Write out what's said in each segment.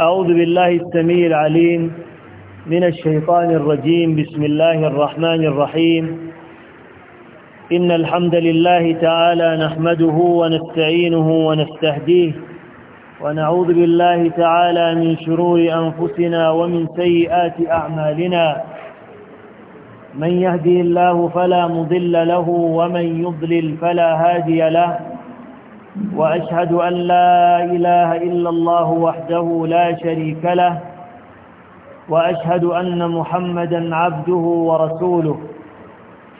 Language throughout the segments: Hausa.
أعوذ بالله السميع العليم من الشيطان الرجيم بسم الله الرحمن الرحيم إن الحمد لله تعالى نحمده ونستعينه ونستهديه ونعوذ بالله تعالى من شرور أنفسنا ومن سيئات أعمالنا من يهدي الله فلا مضل له ومن يضلل فلا هادي له وأشهد أن لا إله إلا الله وحده لا شريك له وأشهد أن محمدا عبده ورسوله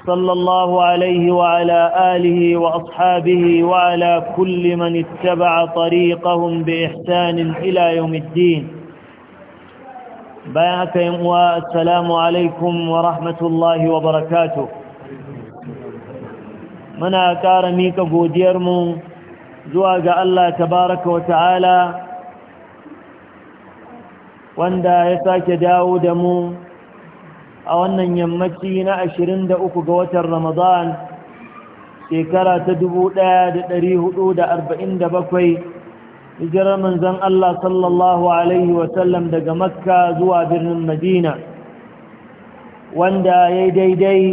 صلى الله عليه وعلى آله وأصحابه وعلى كل من اتبع طريقهم بإحسان إلى يوم الدين بياك يموى السلام عليكم ورحمة الله وبركاته منا كارميك بوديرمو zuwa ga Allah tabaraka wa ta'ala wanda ya sake dawo da mu a wannan yammaci na 23 ga watan Ramadan shekara ta 1447 hijirar manzon Allah sallallahu alaihi wa sallam daga Makka zuwa birnin Madina wanda ya daidai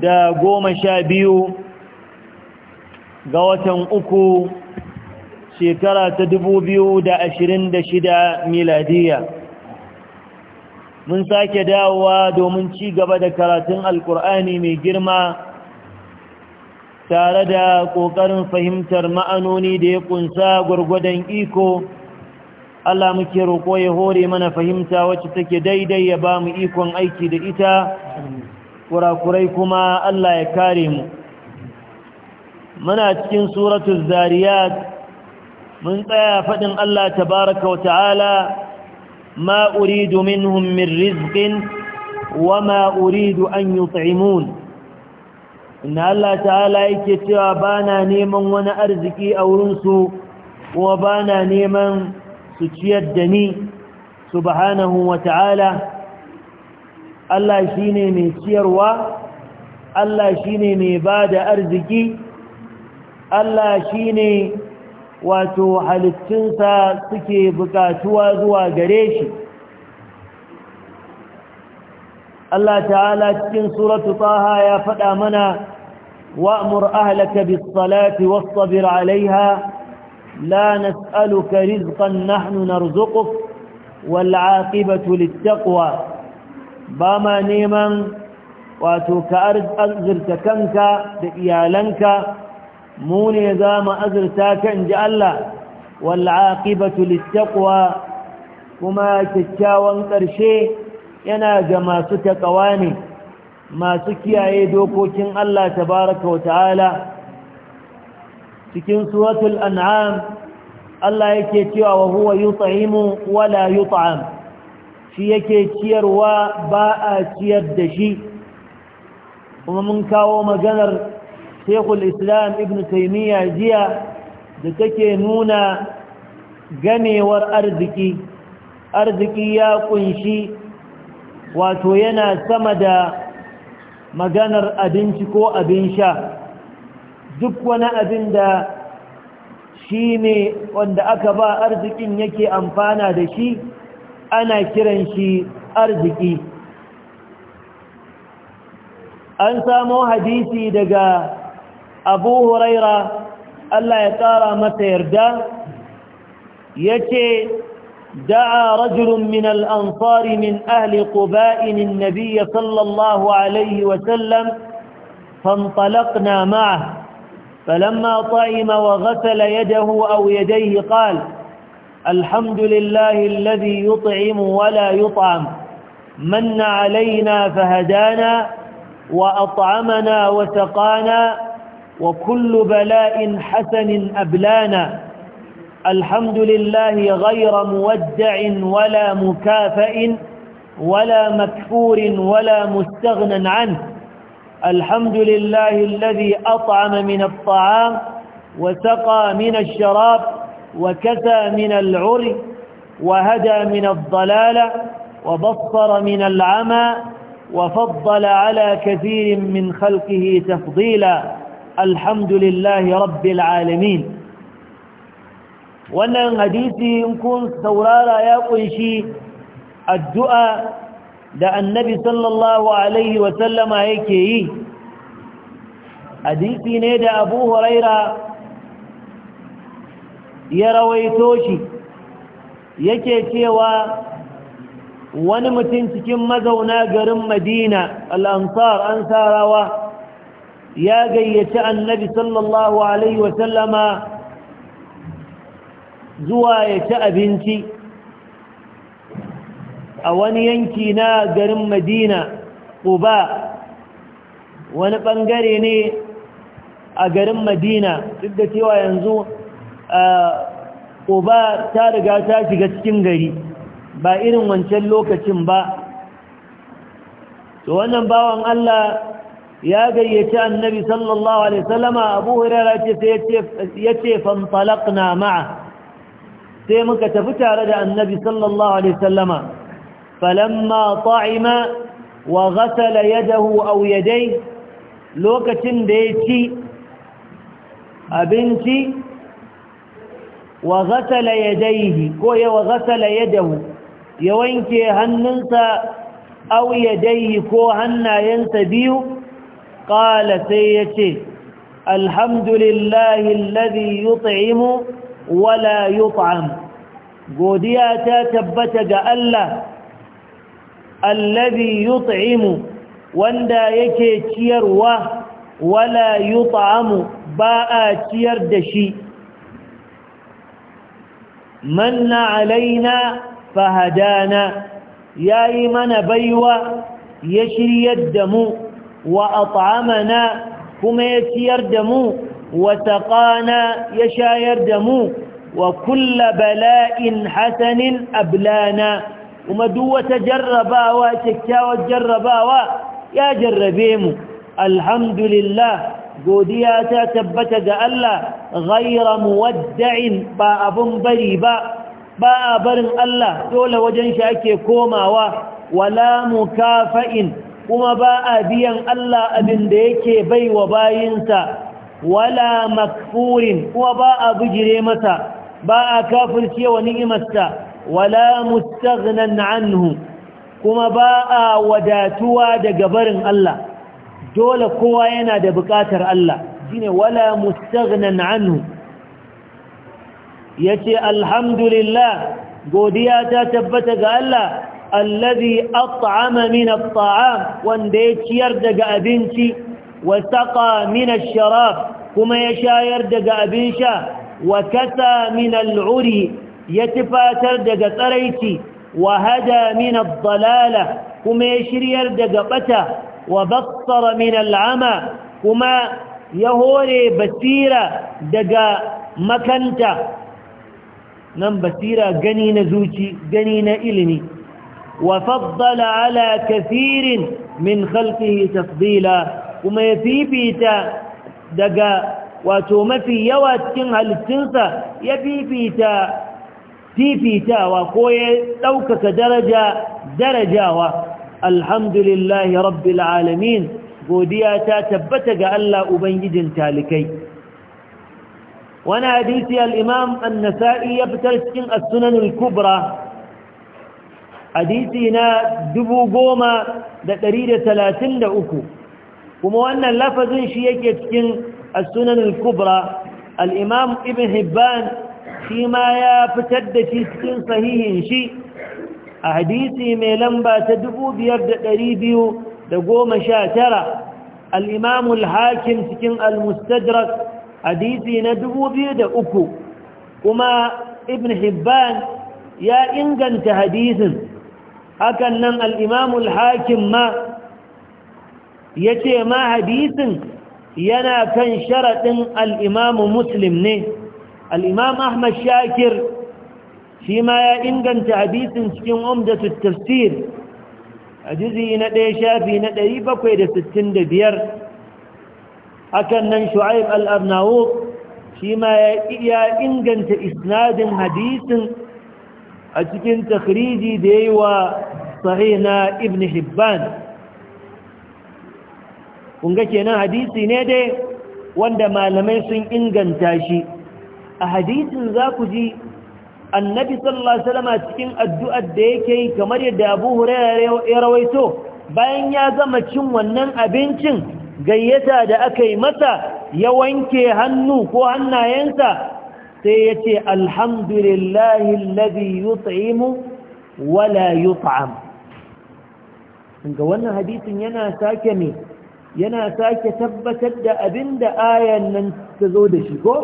da goma sha biyu ga watan uku shekara ta dubu biyu da ashirin da shida miladiya mun sake dawowa domin ci gaba da karatun alkur'ani mai girma tare da ƙoƙarin fahimtar ma'anoni da ya ƙunsa gwargwadon iko Allah muke roƙo ya hore mana fahimta wacce take daidai ya ba mu ikon aiki da ita kurakurai kuma Allah ya kare mu muna cikin suratul zariyat mun tsaya faɗin Allah tabaraka wa ta'ala ma uridu minhum min rizqin wa ma uridu an yut'imun inna Allah ta'ala yake cewa bana neman wani arziki a wurin su kuma bana neman su ciyar da ni subhanahu wa ta'ala Allah shine mai ciyarwa Allah shine mai bada arziki Allah shi ne wato halittunsa suke bukatuwa zuwa gare shi Allah ta'ala cikin suratu taha ya faɗa mana wa'mur ahlaka bis salati wasbir alaiha la nas'aluka rizqan nahnu narzuquk wal 'aqibatu lit taqwa ba ma neman wato ka arzirta kanka da iyalanka mu ne za mu azurta kan ji Allah wal'aqibatu littaqwa kuma kyakkyawan ƙarshe yana ga masu taƙawa ne masu kiyaye dokokin Allah tabaraka wa ta'ala cikin suratul an'am Allah yake cewa wa huwa yut'imu wala yut'am shi yake ciyarwa ba a ciyar da shi kuma mun kawo maganar shekul islam ibn taimiyya jiya da take nuna gamewar arziki arziki ya kunshi wato yana sama da maganar abinci ko abin sha duk wani abin da shi ne wanda aka ba arzikin yake amfana da shi ana kiran shi arziki an samo hadisi daga abu huraira Allah ya ƙara masa yarda ya ce da'a rajulun min al'ansari min ahli ƙuba'inin nabiya sallallahu alaihi wasallam فانطلقنا معه فلما طعم وغسل يده أو يديه قال الحمد لله الذي يطعم ولا يطعم من علينا فهدانا وأطعمنا وسقانا وكل بلاء حسن أبلانا الحمد لله غير مودع ولا مكافئ ولا مكفور ولا مستغنى عنه الحمد لله الذي أطعم من الطعام وسقى من الشراب وكسى من العري وهدى من الضلالة وبصر من العمى وفضل على كثير من خلقه تفضيلا الحمد لله رب العالمين wannan hadisi in kun saurara ya kunshi addu'a da annabi sallallahu alaihi wasallama yake yi hadisi ne da abu huraira ya rawaito shi yake cewa wani mutum cikin mazauna garin madina al'ansar an sarawa ya gayyaci annabi sallallahu alaihi wasallama zuwa ya ci abinci a wani yanki na garin madina ƙuba wani ɓangare ne a garin madina duk da cewa yanzu uba ta riga ta shiga cikin gari ba irin wancan lokacin ba to wannan bawan allah ya gayyaci annabi sallallahu alaihi wasallama abu hurairah ya ce na ma'a sai muka tafi tare da annabi sallallahu alaihi wasallama falamma ta'ima wa ghasala yadahu aw yadayhi lokacin da ya ci abinci wa ghasala yadayhi ko ya wa ghasala yadahu ya wanke hannunsa aw yadayhi ko hannayensa biyu ƙala sai ya ce alhamdulillahi lalazi yut'imu wala yut'am godiya ta tabbata ga Allah allazi yut'imu wanda yake ciyarwa wala yut'amu ba a ciyar da shi manna alaina fahadana yayi mana baiwa ya shiryar da mu wa at'amana kuma ya ciyar da mu wa taqana ya shayar da mu wa kulla bala'in hasanin ablana kuma duk wata jarrabawa kyakkyawar jarrabawa ya jarrabe mu alhamdulillah godiya ta tabbata ga Allah ghaira muwadda'in ba abun bari ba ba a barin Allah dole wajen shi ake komawa wala mukafa'in kuma ba a biyan Allah abin da yake bai wa bayinsa wala makfurin kuma ba a bijire masa ba a kafirce wa ni'imarsa wala mustaghnan anhu kuma ba a wadatuwa daga barin Allah dole kowa yana da bukatar Allah shine wala mustaghnan anhu yace alhamdulillah godiya ta tabbata ga Allah alladhi at'ama min at'am wanda ya ciyar daga abinci wa saqa min ash-sharab kuma ya shayar daga abin sha wa kasa min al'uri ya tufatar daga tsaraici wa hada min dalala kuma ya shiryar daga bata wa bassara min al'ama kuma ya hore basira daga makanta nan basira gani na zuci gani na ilimi وفضل على كثير من خلقه تفضيلا كما يفيفيت دقا وتومفي يوات كنها للتنسى يفيفيت فيفيتا وقوي لوكك درجة درجة الحمد لله رب العالمين قودياتا تبتك ألا أبنجد تالكي وانا حديثي الإمام النسائي يبتلسكن السنن الكبرى hadisi na dubu goma da da talatin da uku kuma wannan lafazin shi yake cikin sunan al-kubra al'imam ibn hibban shi ma ya fitar da shi cikin sahihin shi a hadisi mai lamba ta dubu biyar da biyu da goma sha tara al'imam al-hakim cikin al-mustadrak hadisi na dubu biyu da uku kuma ibn hibban ya inganta hadisin hakan nan al'imamul hakim ma ya ce ma hadisin yana kan sharaɗin al'imamu muslim ne al'imam ahmad shakir shi ma ya inganta hadisin cikin umdatu tafsir a jizi na ɗaya shafi na ɗari bakwai da sittin da biyar hakan nan shu'aib Al shi ma ya inganta isnadin hadisin a cikin takriji da yi wa sahih na ibn hibban kunga kenan hadisi ne dai wanda malamai sun inganta shi a hadisin za ku ji annabi sallallahu alaihi wasallam cikin addu'ar da yake yi kamar yadda Abu Hurairah ya rawaito bayan ya gama cin wannan abincin gayyata da aka yi masa ya wanke hannu ko hannayensa sai ya ce alhamdulillahi alladhi yut'imu wala yut'am ga wannan hadisin yana sake ne yana sake tabbatar da abinda ayan nan ta zo da shi ko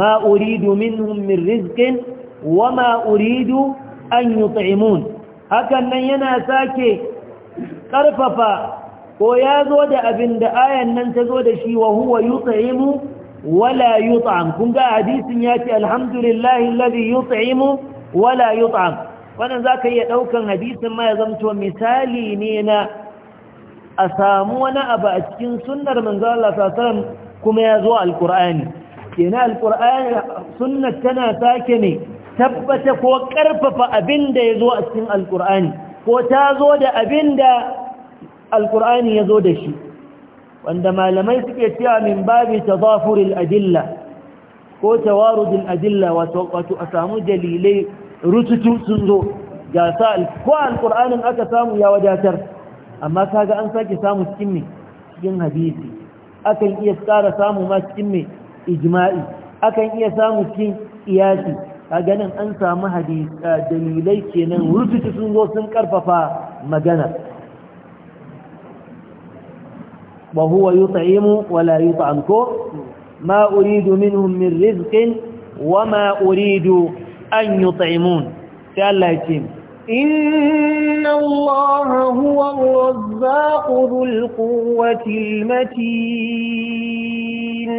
ma uridu minhum min rizqin wa ma uridu an yut'imun hakan nan yana sake karfafa ko ya zo da abinda ayan nan ta zo da shi wa huwa yut'imu wala yut'am kun ga hadisin yace alhamdulillahi alladhi yut'imu wala yut'am wannan za ka iya ɗaukan hadisin ma ya zamto misali ne na a samu wani abu a cikin sunnar manzo Allah sallallahu kuma ya zo alqur'ani kenan alqur'ani sunnar tana sake ne tabbata ko abin abinda ya zo a cikin alqur'ani ko ta zo da abinda alqur'ani ya zo da shi wanda malamai suke cewa min babi tadafuril adilla ko tawarudul adilla wato a samu dalilai rututu sun zo ga sa ko alƙur'anin aka samu ya wadatar amma kaga an sake samu cikin ne cikin hadisi akan iya tsara samu ma cikin ne ijma'i akan iya samu cikin iyasi kaga nan an samu hadisi dalilai kenan rututu sun zo sun karfafa magana wa huwa yut'imu wa la yut'am ma uridu minhum min rizqin wa ma uridu an yi ta'imun sai Allah ce inna Allah huwa wazza ƙudul ƙuwatil matin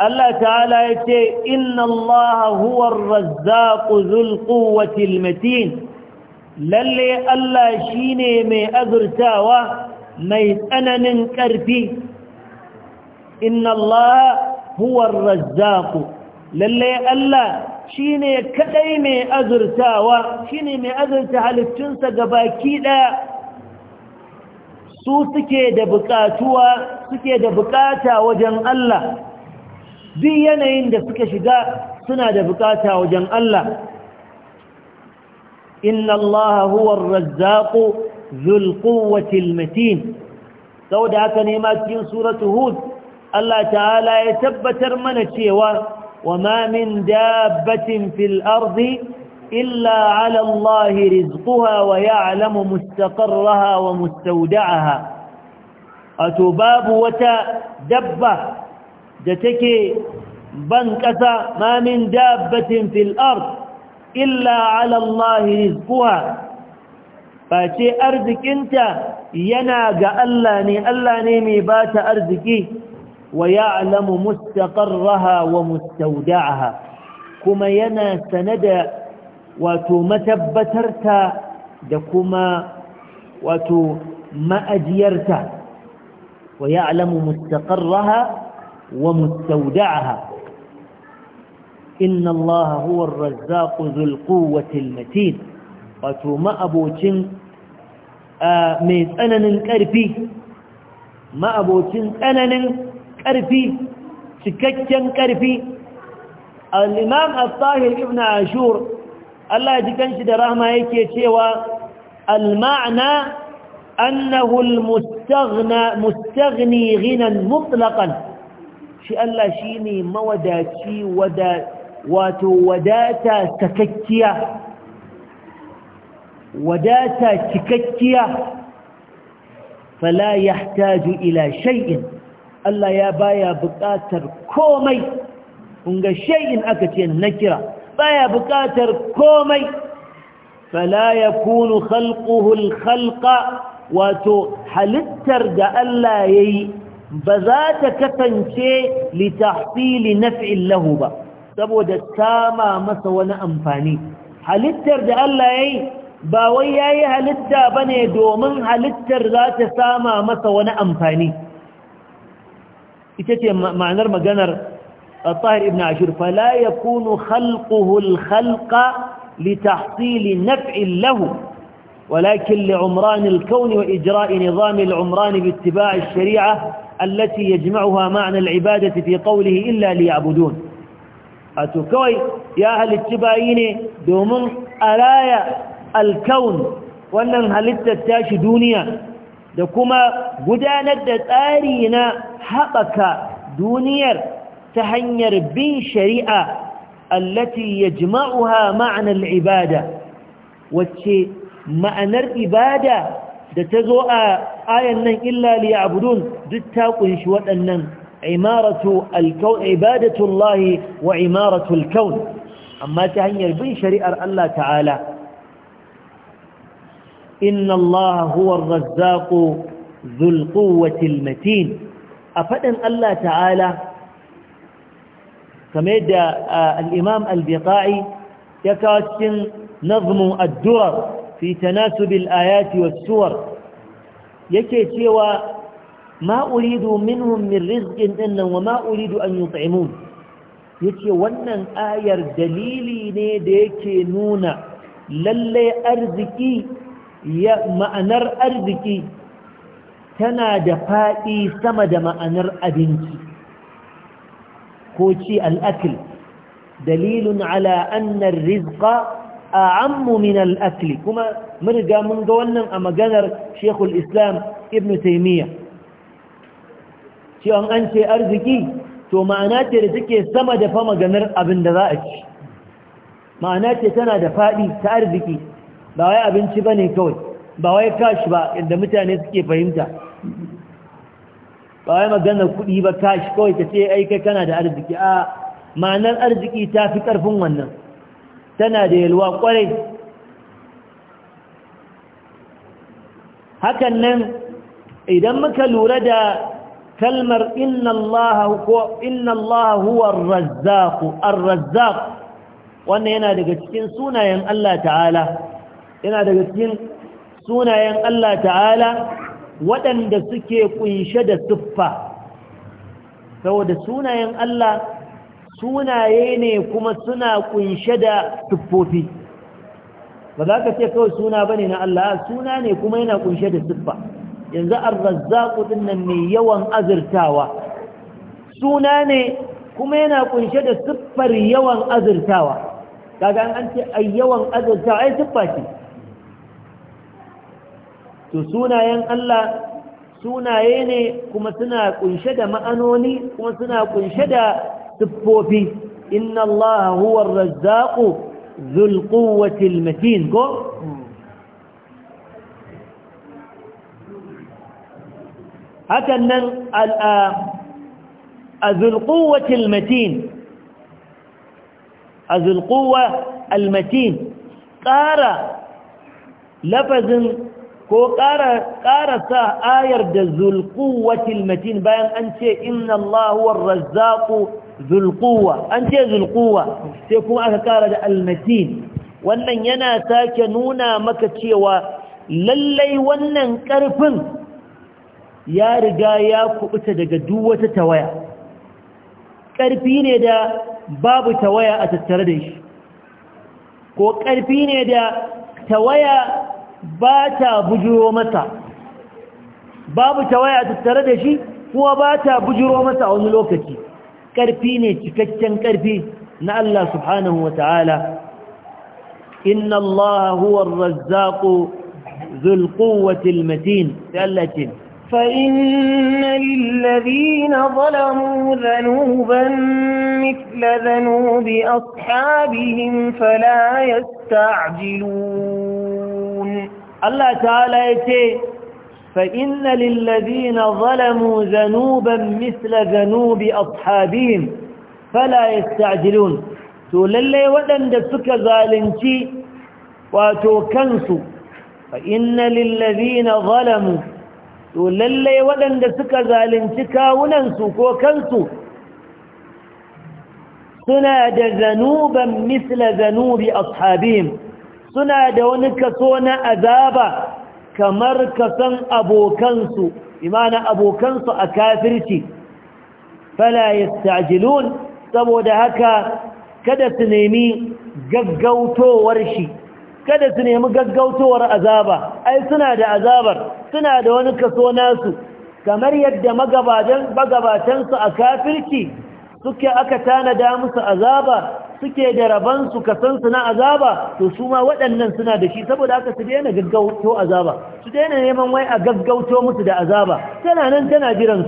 Allah ta'ala ya ce inna Allah huwa wazza ƙudul ƙuwatil matin lalle Allah shi ne mai azurtawa mai tsananin ƙarfi inna Allah huwa wazza ƙudul ƙuwatil Allah ne kadai mai azurtawa shine mai azurta halittunsa gabaki ɗaya su suke da bukatuwa suke da buƙata wajen Allah duk yanayin da suka shiga suna da buƙata wajen Allah inna Allah huwa ar-razzaq dhul quwwati al-matin haka ne ma cikin suratu hud Allah ta'ala ya tabbatar mana cewa وما من دابة في الأرض إلا على الله رزقها ويعلم مستقرها ومستودعها أتباب دبة دتكي بنكسة ما من دابة في الأرض إلا على الله رزقها فأتي أرزك أنت ينا قال الله ني بات أرزكي ويعلم مستقرها ومستودعها كما ينا سند وتمتبترت دكما وتمأجيرت ويعلم مستقرها ومستودعها إن الله هو الرزاق ذو القوة المتين وتوما أبوتين آه ميز أنن كرفي ما أبوتين أنن ƙarfi cikakken ƙarfi al-imam al-tahir ibn ashur Allah ya ji kanshi da rahma yake cewa al-ma'na annahu al-mustaghna mustaghni ghinan mutlaqan shi Allah shine mawadaci wada wato wadata cikakkiya wadata cikakkiya fala yahtaju ila shay'in Allah ya baya buƙatar komai kun ga shay'in aka ce na kira baya buƙatar komai fala yakunu khalquhu al wato halittar da Allah yayi ba za ta kasance litahsili naf'in lahu ba saboda kama masa wani amfani halittar da Allah yayi ba wai yayi halitta bane domin halittar za ta sama masa wani amfani يتيتي ce ma'anar maganar ابن عاشور فلا يكون خلقه الخلق لتحصيل نفع له ولكن لعمران الكون وإجراء نظام العمران باتباع الشريعة التي يجمعها معنى العبادة في قوله إلا ليعبدون أتوكوي يا أهل التبايين دومن ألايا الكون وأنهم هل التتاش دونيا دكما قدانت تارينا haɓaka duniyar ta hanyar bin shari'a allati ya jima'uha ma'anar ibada wacce ma'anar ibada da ta zo a ayan nan illa liya abudun duk ta kunshi waɗannan imaratu alkaun wa imaratul kaun amma ta hanyar bin shari'ar Allah ta'ala inna Allah huwa razzaqu zulƙuwatil matin a faɗin Allah ta'ala kamar da al'imam al-biqa'i ya kawo cikin nazmu addu'ar fi tanasubil ayati was suwar yake cewa mauridu uridu minhum min rizqin dinnan wa mauridu uridu an yut'imun yace wannan ayar dalili ne da yake nuna lallai arziki ya ma'anar arziki tana da faɗi sama da ma'anar abinci ko ci al'akil dalilun ala annar rizqa a'ammu min kuma mun riga mun ga wannan a maganar shekul islam ibn taimiyya cewa an ce arziki to ma'ana ce da take sama da fa maganar abin da za a ci ma'ana ce tana da faɗi ta arziki ba wai abinci ba ne kawai ba wai kashi ba inda mutane suke fahimta ba wai maganar kuɗi ba kashi kawai ka ce aika kana da arziki a ma'anar arziki ta fi ƙarfin wannan tana da yalwa ƙwarai hakan nan idan muka lura da kalmar inna Allah huwa razzaku ar-razzaq wannan yana daga cikin sunayen Allah ta'ala yana daga cikin sunayen Allah ta'ala waɗanda suke kunshe da siffa saboda sunayen Allah sunaye ne kuma suna kunshe da siffofi ba za ka ce kawai suna bane na Allah suna ne kuma yana kunshe da siffa yanzu ar-razzaqu nan mai yawan azurtawa suna ne kuma yana kunshe da siffar yawan azurtawa kaga an ce a yawan azurtawa ai siffa ce to sunayen Allah sunaye ne kuma suna kunshe da ma'anoni kuma suna kunshe da siffofi inna Allah huwa ar-razzaqu dhul quwwati al-matin ko hakan nan azul quwwati al-matin quwwa al-matin qara lafazin ko ƙara sa ayar da zulkuwa, Tilmatin, bayan an ce inna Allah huwar razzaku zulkuwa an ce zulkuwa sai kuma aka ƙara da almatin wannan yana sake nuna maka cewa lallai wannan ƙarfin ya riga ya kubuta daga duk wata tawaya ƙarfi ne da babu tawaya a tattare da shi ko ƙarfi ne da tawaya ba ta bujiro masa babu tawaya tattare da shi kuma ba ta bujiro masa wani lokaci ƙarfi ne cikakken ƙarfi na Allah subhanahu wa ta'ala inna Allah huwa razzaƙo zulƙuwatil matin sai Allah ce فإن للذين ظلموا ذنوبا مثل ذنوب أصحابهم فلا يستعجلون Allah ta'ala yace fa inna lil ladina zalamu zanuban misla zanubi ashabihim fala yasta'jilun to lalle wadanda suka zalunci wato kansu fa inna suka zalunci kawunansu ko kansu suna da zanuban misla zanubi ashabihim suna da wani kaso na azaba kamar kasan abokansu imana abokansu a kafirci fala yastajilun saboda haka kada su nemi gaggautowar shi kada su nemi gaggautowar azaba ai suna da azabar suna da wani kaso nasu kamar yadda magabatansu a kafirci suke aka tanada musu azaba suke da raban su kasan su na azaba to su ma waɗannan suna da shi saboda aka su daina gaggauto azaba su daina neman wai a gaggauto musu da azaba tana nan tana jiran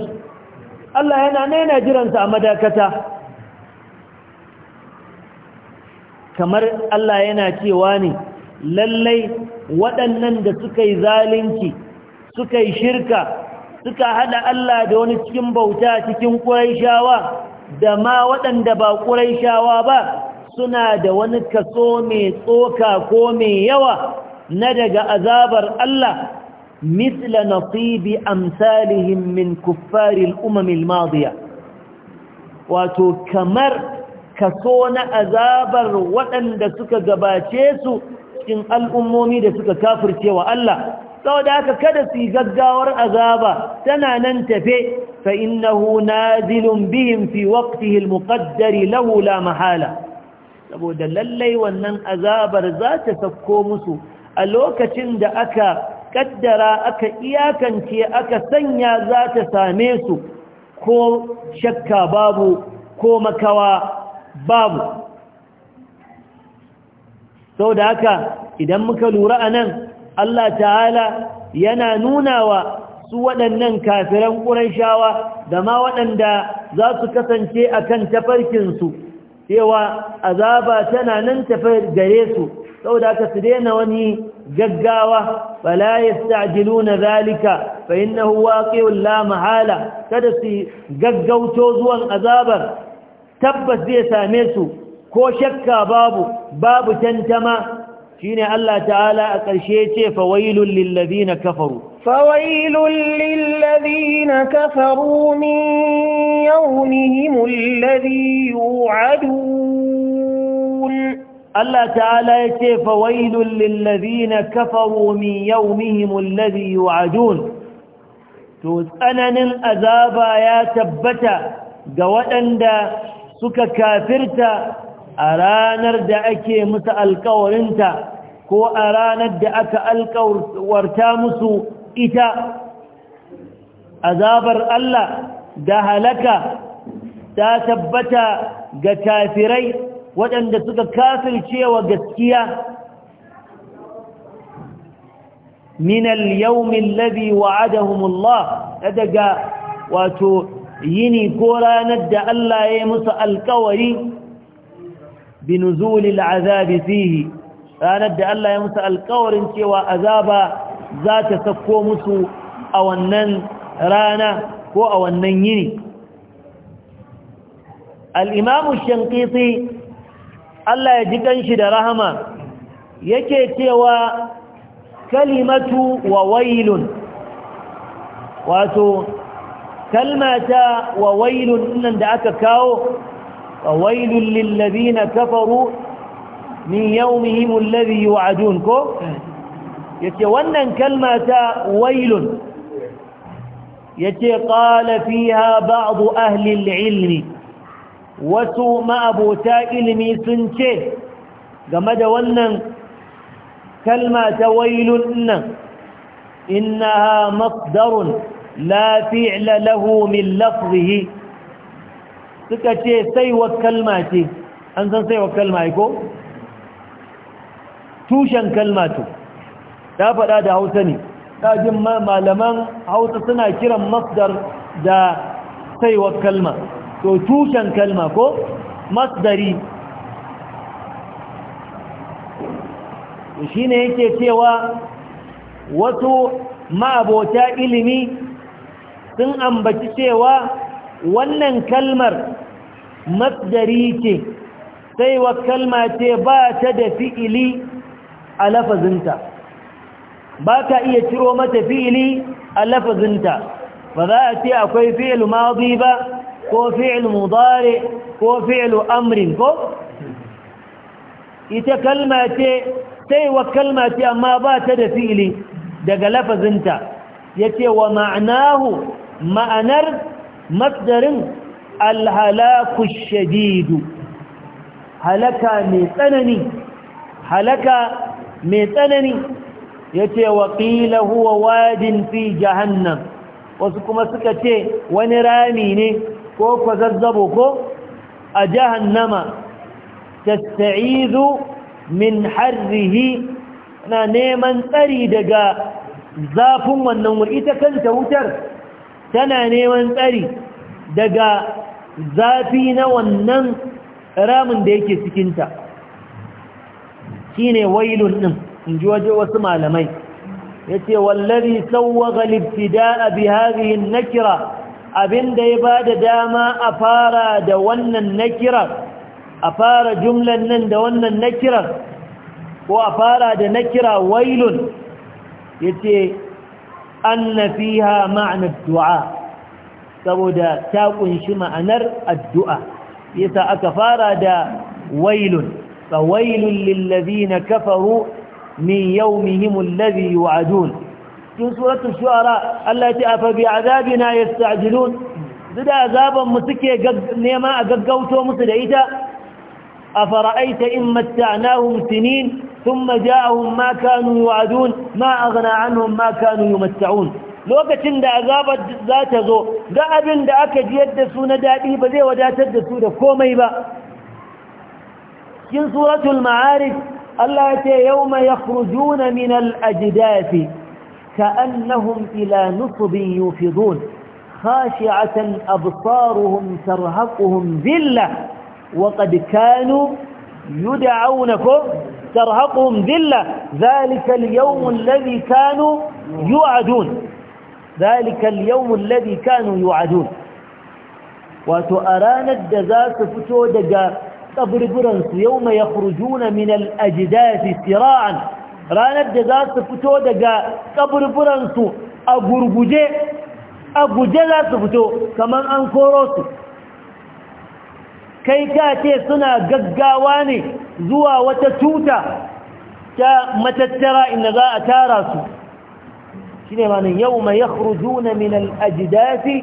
Allah yana nan yana jiran a madakata kamar Allah yana cewa ne lallai waɗannan da suka yi zalunci suka yi shirka suka haɗa Allah da wani cikin bauta cikin shawa. da ma waɗanda ba ƙuraishawa ba suna da wani kaso mai tsoka ko mai yawa na daga azabar Allah misla nasibi amsalihim min kuffaril umamil maziya wato kamar kaso na azabar waɗanda suka gabace su cikin al'ummomi da suka kafurce wa Allah saboda haka kada su gaggawar azaba tana nan tafe fa innahu nazilun bihim fi waqtihi almuqaddar lahu la mahala saboda lallai wannan azabar za ta sako musu a lokacin da aka kaddara aka iyakance aka sanya za ta same su ko shakka babu ko makawa babu sau da haka idan muka lura a nan Allah ta'ala yana nuna wa su waɗannan kafiran ƙuraishawa da ma waɗanda za su kasance a kan tafarkinsu cewa azaba tana nan tafar gare su sau da aka su daina wani gaggawa fala na zalika fa innahu waqi'un la mahala kada su gaggauto zuwan azabar tabbas zai same su ko shakka babu babu tantama شيني الله تعالى أكشيتي فويل للذين كفروا فويل للذين كفروا من يومهم الذي يوعدون الله تعالى يتي فويل للذين كفروا من يومهم الذي يوعدون توز تؤذنن أذابا يا تبتا قوأن دا كافرتا a ranar da ake musu alkawarinta ko a ranar da aka alkawarta musu ita azabar Allah da halaka ta tabbata ga tafirai waɗanda suka kafircewa gaskiya Minal al-yawm alladhi daga wato yini ko ranar da Allah ya yi musu alkawari بنزول العذاب ranar da Allah ya musu alkawarin cewa azaba za ta sako musu a wannan rana ko a wannan yini al'imamu shankisi Allah ya ji kanshi da rahama yake cewa kalimatu wa wato kalmata wa wailun da aka kawo وويل للذين كفروا من يومهم الذي يوعدون كو يتي ونن كلمة ويل يتي قال فيها بعض أهل العلم وسو ما أبو تائل ميسن شيء كما دوانا كلمة ويل إنها مصدر لا فعل له من لفظه suka ce saiwar kalma ce an san saiwar kalma ya ko tushen kalma to ta faɗa da hausa ne ɗajin malaman hausa suna kiran masdar da saiwar kalma to tushen kalma ko masdari shi ne yake cewa wasu ma'abota ilimi sun ambaci cewa wannan kalmar masdari ce sai wa kalma ce ba ta da fi'ili a lafazinta ba ka iya ciro mata fi'ili a lafazinta ba za a ce akwai fi'il mazi ba ko fi'il mudare ko fi'il amrin ko ita kalma ce sai wa kalma ce amma ba ta da fi'ili daga lafazinta ya ce wa ma'anahu ma'anar masdarin alhalaku shadidu halaka mai tsanani halaka mai tsanani yace wa qila huwa wadin fi wasu kuma suka ce wani rami ne ko kwazazzabo ko a jahannama tasta'izu min harrihi na neman tsari daga zafin wannan wuri ita kanta wutar tana neman tsari daga zafi na wannan ramin da yake cikinta shine wailun din in ji waje wasu malamai yace wallari sawwaga a bi hadhihi an-nakira abinda ya da dama a fara da wannan nakira a fara jumlan nan da wannan nakira ko a fara da nakira wailun ce. anna fiha ma'na du'a saboda ta kunshi ma'anar addu'a yasa aka fara da wailun fawailun lillazina kafaru min yawmihim alladhi yu'adun surat suratul shu'ara Allah ya fa bi azabina yasta'jilun da azaban mu suke nema a gaggauto musu da ita أفرأيت إن متعناهم سنين ثم جاءهم ما كانوا يوعدون ما أغنى عنهم ما كانوا يمتعون لوقت ان عذاب ذات ذو ذهب عند أكد جيد سون دائي بذي ودا تدسو دكومي با من سورة المعارف الله يوم يخرجون من الأجداث كأنهم إلى نصب يوفضون خاشعة أبصارهم ترهقهم ذلة وقد كانوا يدعونكم ترهقهم ذلة ذلك اليوم الذي كانوا يوعدون ذلك اليوم الذي كانوا يوعدون وتأرانا الدزاس فتودك تبربرنس يوم يخرجون من الأجداث سراعا رانا الدزاس فتودك تبربرنس أبربجي أبجلس فتو كمان أنكوروس kai ka ce suna gaggawa ne zuwa wata tuta ta matattara inda za a tara su shi ne manin yau mai ya kurjuna min al'ajidafi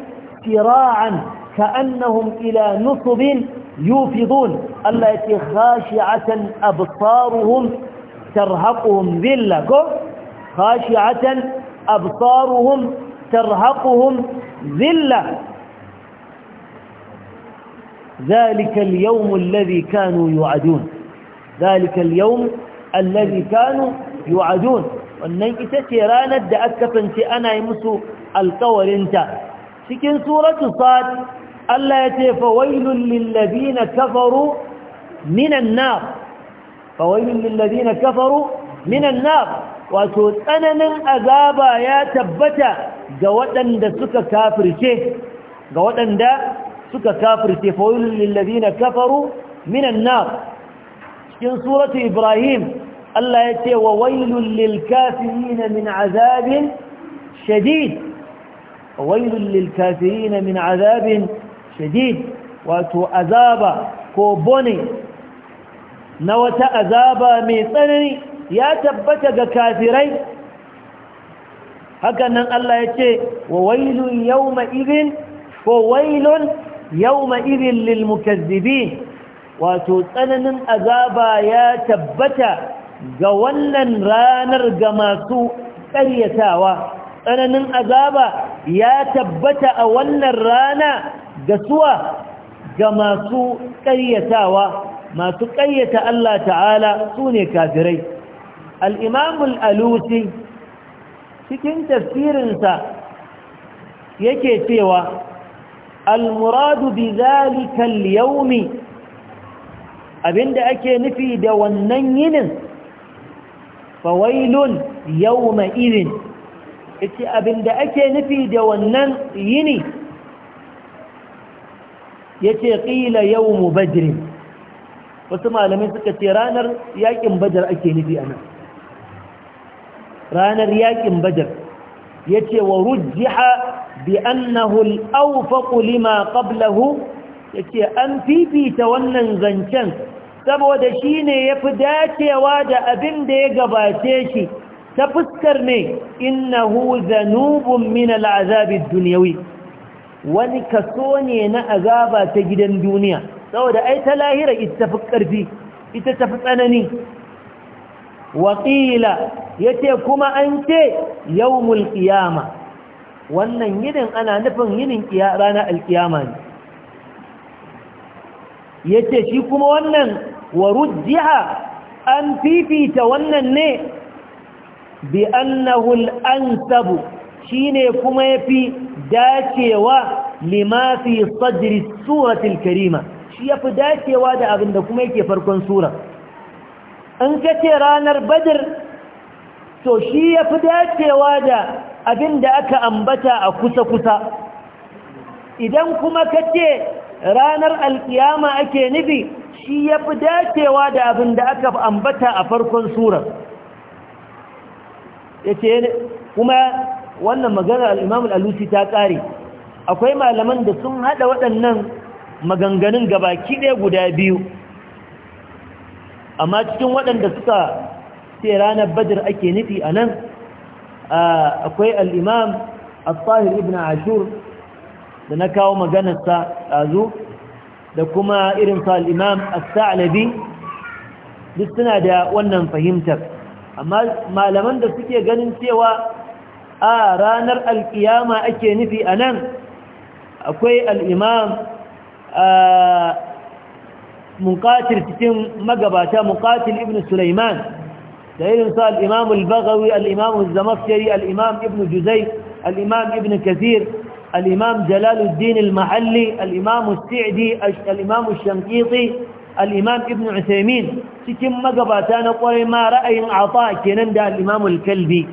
tira'an ka'annahum ila nusubin yufidun Allah ya ce khashi'atan absaruhum tarhaquhum villa ko khashi'atan absaruhum tarhaquhum zilla ذلك اليوم الذي كانوا يوعدون ذلك اليوم الذي كانوا wannan ita ce ranar da aka kasance ana yi musu alkawarinta cikin suratu sad Allah ya ce fawailul lil ladina kafaru minan nar fawailul lil ladina kafaru minan nar wato tsananin azaba ya tabbata ga waɗanda suka kafirce ga waɗanda suka kafirce fawailul lil kafaru minan nar cikin suratu ibrahim Allah ya ce wa wailul lil kafirin min azabin shadid wailul lil kafirin min azabin shadid wato azaba ko bone na wata azaba mai tsanani ya tabbata ga kafirai haka nan Allah ya ce wa wailun yawma idin ko wailun Yau idhil lil mukazzibin wato tsananin azaba ya tabbata ga wannan ranar ga masu ƙaryatawa tsananin azaba ya tabbata a wannan rana ga suwa ga masu ƙaryatawa masu ƙaryata Allah ta'ala su ne kafirai al'imamul alusi cikin tafsirinsa yake cewa almuradu bi zalika abinda ake nufi da wannan yinin fawailun yawma idin ita abinda ake nufi da wannan yini ya yace qila yawmu badr wasu malamai suka ce ranar yakin badar ake nufi anan ranar yakin ya ce wa rujjiha bi annahu al-awfaq lima qablahu yace an fifita wannan zancen saboda shine yafi dacewa da abin da ya gabace shi ta fuskar ne innahu zanubun min al-azab ad-dunyawi wani kaso ne na azaba ta gidan duniya saboda ai ta lahira ita tafi karfi ita tsanani waƙila ya ce kuma an ce yawmul ƙiyama wannan yinin ana nufin yinin ranar alkiyama ne ya ce shi kuma wannan warujjiha an fifita wannan ne bi annahul shi shine kuma yafi dacewa lima fi sadri suratul karima shi fi dacewa da abin da kuma yake farkon sura in ce ranar badir to shi yafi dacewa da Abin da aka ambata a kusa-kusa idan kuma ka ce ranar alkiyama ake nufi shi ya fi dacewa da abinda aka ambata a farkon surar ya ce kuma wannan maganar al'imamul alusi ta ƙare akwai malaman da sun haɗa waɗannan maganganun gabaki ɗaya guda biyu amma cikin waɗanda suka ce ranar badir ake nufi a nan akwai al-imam al-tahir ibn ashur da na kawo maganarsa ɗazu da kuma irin sa al-imam al duk suna da wannan fahimtar amma malaman da suke ganin cewa a ranar alkiyama ake nufi a nan akwai al'imam munkatir cikin magabata munkatir ibn Sulaiman دليل المثال الإمام البغوي الإمام الزمخشري الإمام ابن جزي الإمام ابن كثير الإمام جلال الدين المحلي الإمام السعدي الإمام الشنقيطي الإمام ابن عثيمين سكم مقباتان قول ما رأي عطاء كنند الإمام الكلبي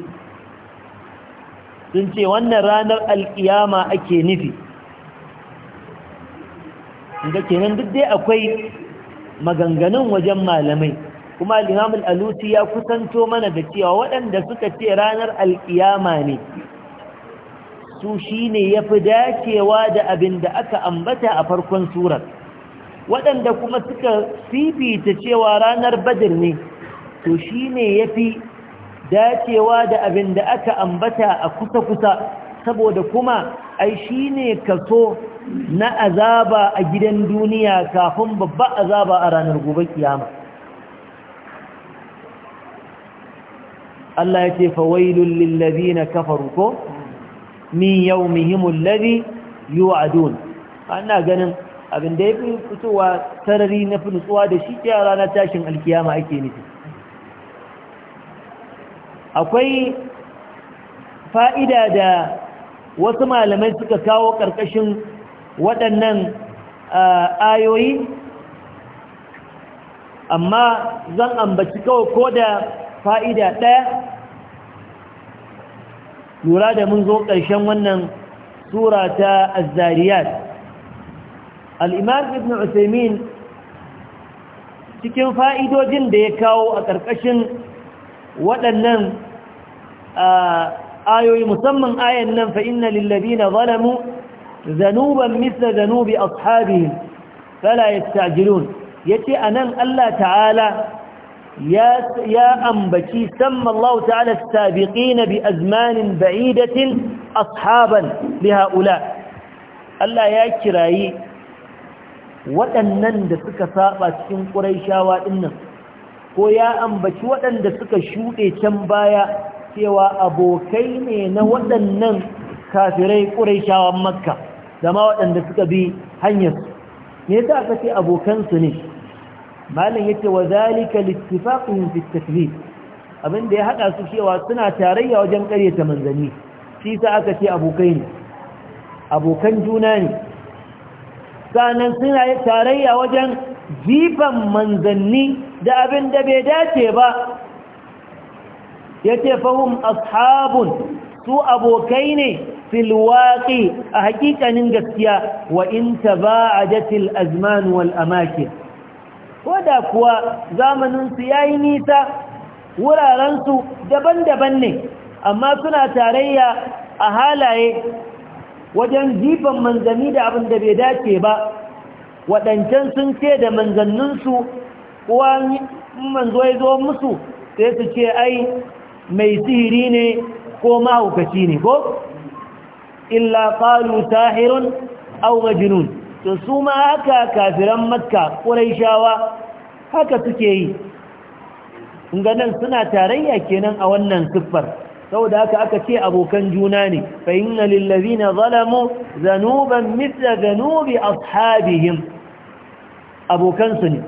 تنسي وأن رانا القيامة أكي نفي عندك كنند دي أكي مقنقنون وجمع لمين kuma al alusi ya kusanto mana da cewa waɗanda suka ce ranar alkiyama ne su shine yafi dacewa da abin da aka ambata a farkon surar waɗanda kuma suka fifita cewa ranar badir ne to shine yafi dacewa da abin da aka ambata a kusa-kusa saboda kuma ai shine kaso na azaba a gidan duniya kafin babba azaba a ranar gobe kiyama Allah ya ce fawailul na kafaru ko min yawmihim alladhi yu'adun ana ganin abin da yafi fitowa sarari na nutsuwa da shi ta ranar tashin alkiyama ake nufi akwai fa'ida da wasu malamai suka kawo ƙarƙashin waɗannan ayoyi amma zan ambaci kawai ko da fa'ida ɗaya lura da mun zo ƙarshen wannan surata ta azariyar al'imam ibn usaimin cikin fa'idojin da ya kawo a ƙarƙashin waɗannan ayoyi musamman ayan nan fa'inna lillabi na zalamu zanuban misla zanubi ashabihim fala ce a anan Allah ta'ala Ya يا أنبتي سمى الله تعالى السابقين بأزمان بعيدة ashaban لهؤلاء Allah ya كراي waɗannan da suka saɓa cikin ƙuraishawa ɗinnan ko ya ambaci waɗanda suka shuɗe can baya cewa abokai ne na waɗannan kafirai ƙuraishawan makka dama waɗanda suka bi hanyarsu Me yasa aka ce abokansu ne malin yace wa zalika littifaqin fi at abinda ya hada su cewa suna tarayya wajen karyata manzani shi sa aka ce abokai ne abokan juna ne sanan suna tarayya wajen jifan manzanni da abin da bai dace ba yace fahum ashabun su abokai ne filwaƙi a haƙiƙanin gaskiya wa in tabaadatil azman wal amakin ko da kuwa zamaninsu ya yi nisa wurarensu daban-daban ne amma suna tarayya a halaye wajen jifan manzanni da abin da bai dace ba waɗancan sun ce da manzanninsu kuwa manzo ya zo musu sai su ce ai mai sihiri ne ko mahaukaci ne ko illa qalu tahirun au majinun to su ma haka kafiran makka ƙuraishawa haka suke yi ganin suna tarayya kenan a wannan siffar saboda haka aka ce abokan juna ne fa inna lil ladina zalamu zanuban mithla zanubi ashabihim abokan Abokansu ne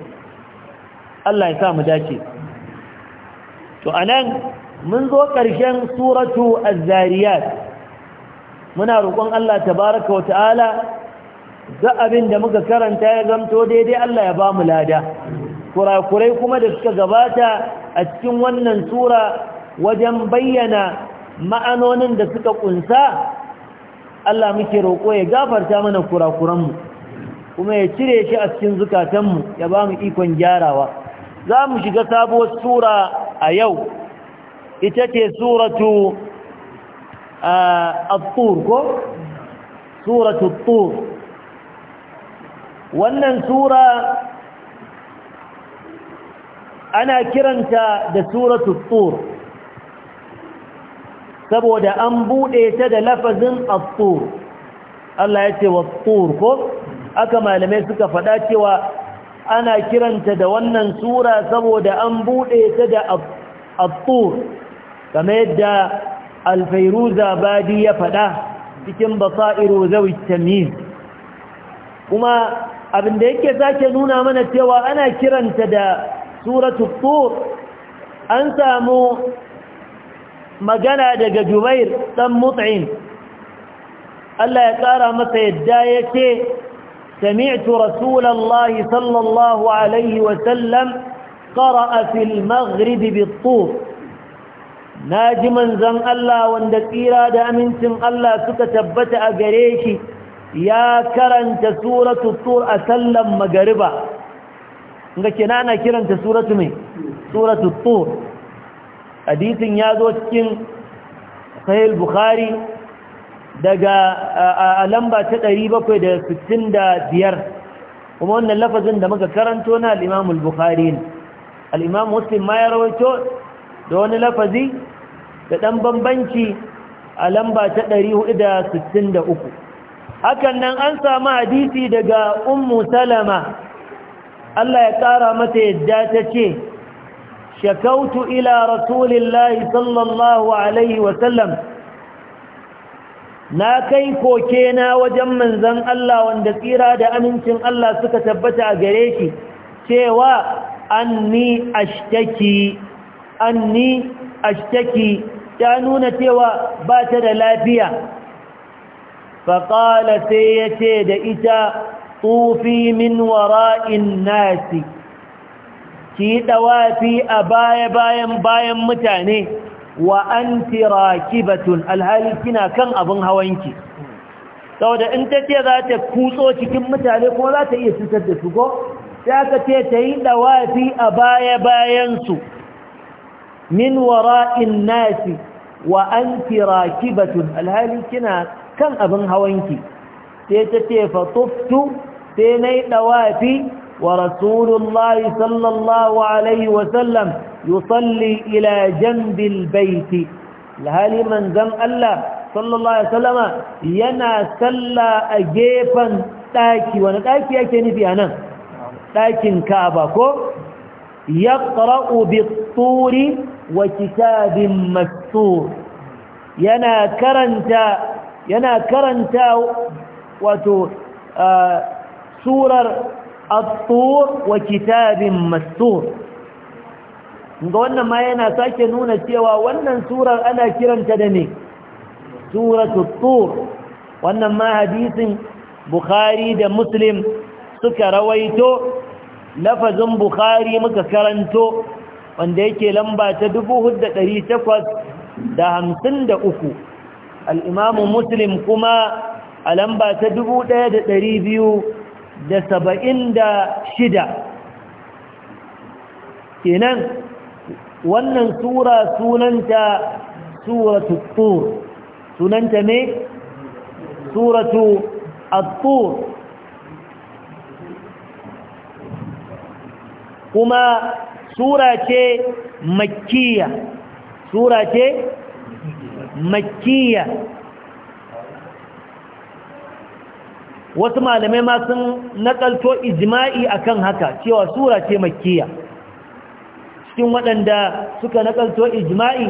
Allah ya sa mu dace to anan mun zo ƙarshen suratu az muna roƙon Allah tabaaraka wa ta'ala da abin da muka karanta ya gamto daidai Allah ya ba mu lada kurakurai kuma da suka gabata a cikin wannan sura wajen bayyana ma'anonin da suka kunsa Allah muke roƙo ya gafarta mana kurakuranmu kuma ya cire shi a cikin zukatanmu ya ba mu ikon gyarawa za mu shiga sabuwar sura a yau ita ce suratu a ah, ko suratu tur wannan sura ana kiranta da suratu tur saboda an bude ta da lafazin at-tur Allah ya ce wat-tur ko aka malamai suka faɗa cewa ana kiranta da wannan sura saboda an bude ta da at-tur kamar yadda al-fayruza badi ya faɗa cikin basairu zawi tamyiz kuma abinda yake zake nuna mana cewa ana kiranta da suratul tur an samu magana daga jubair dan mut'im Allah ya ƙara masa yadda yake sami'tu rasulullah sallallahu alaihi wa sallam qara'a fil maghrib bit tur najiman zan Allah wanda tsira da amincin Allah suka tabbata a gare shi ya karanta suratu tur a sallan magariba inda ke nana kiranta suratu mai suratu tur hadisin ya zo cikin sahil bukhari daga a lamba ta biyar. kuma wannan lafazin da muka karanto na al-imam al-bukhari ne al muslim ma ya rawaito da wani lafazi da ɗan bambanci a lamba ta 463 hakan nan an samu hadisi daga ummu salama Allah ya kara mata yadda ta ce shakautu ila rasulillahi sallallahu alaihi wasallam na kai koke na wajen manzan Allah wanda tsira da amincin Allah suka tabbata a gare shi cewa anni ashtaki anni ashtaki ta nuna cewa ba ta da lafiya faƙala sai ya ce da ita tufi min wara'in nasi ki ɗawafi a baya-bayan bayan mutane wa an tirakibatun alhali kina kan abin hawanki da in ta ce za ta kutso cikin mutane kuma za ta iya cutar da su ko ya ka ce ta yi ɗawafi a baya-bayansu min wara'in nasi wa an tirakibatun alhali kina kan abin hawanki sai ta ce fa tuftu sai na yi ɗawafi wa rasulullahi sallallahu alaihi wasallam yusalli ila jambil baiti lahali manzan Allah sallallahu alaihi wasallama yana salla a gefen ɗaki wani ɗaki yake nufi anan? nan ɗakin ka'aba ko yaqra'u bit-turi wa kitabin mastur yana karanta yana karanta wato surar at-tur wa kitabin mastur ga wannan ma yana sake nuna cewa wannan surar ana kiranta da ne suratul tur wannan ma hadisin bukhari da muslim suka rawaito lafazin bukhari muka karanto wanda yake lamba ta 4853 al'imamu muslim kuma a lamba ta dubu ɗaya da ɗari biyu da saba'in da shida kenan wannan sura sunanta suratu tur sunanta ne suratu attur kuma sura ce makkiya sura ce makkiya wasu malamai ma sun nakalto ijma'i akan haka cewa sura ce makkiya cikin waɗanda suka nakalto ijma'i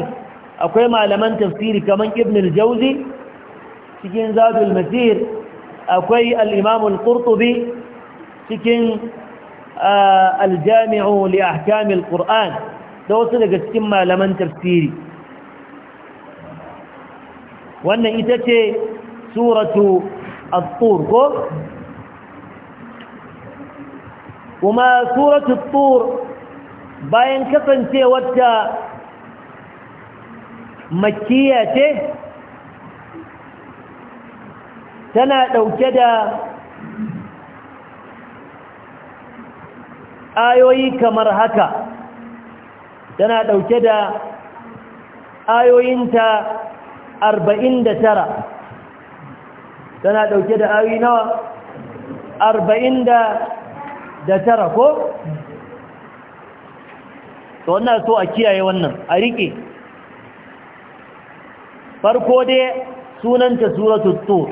akwai malaman tafsiri kaman ibn al cikin zadul masir akwai al-imam al-qurtubi cikin ah, al-jami'u li ahkamil quran da wasu daga cikin malaman tafsiri wannan ita ce suratu at-tur ko kuma suratu at-tur bayan kasancewarta makkiya ce tana ɗauke da ayoyi kamar haka tana ɗauke da ayoyinta arba'in da tara tana ɗauke da awi nawa arba'in da tara ko? to wannan so a kiyaye wannan a riƙe farko dai sunanta suratul tur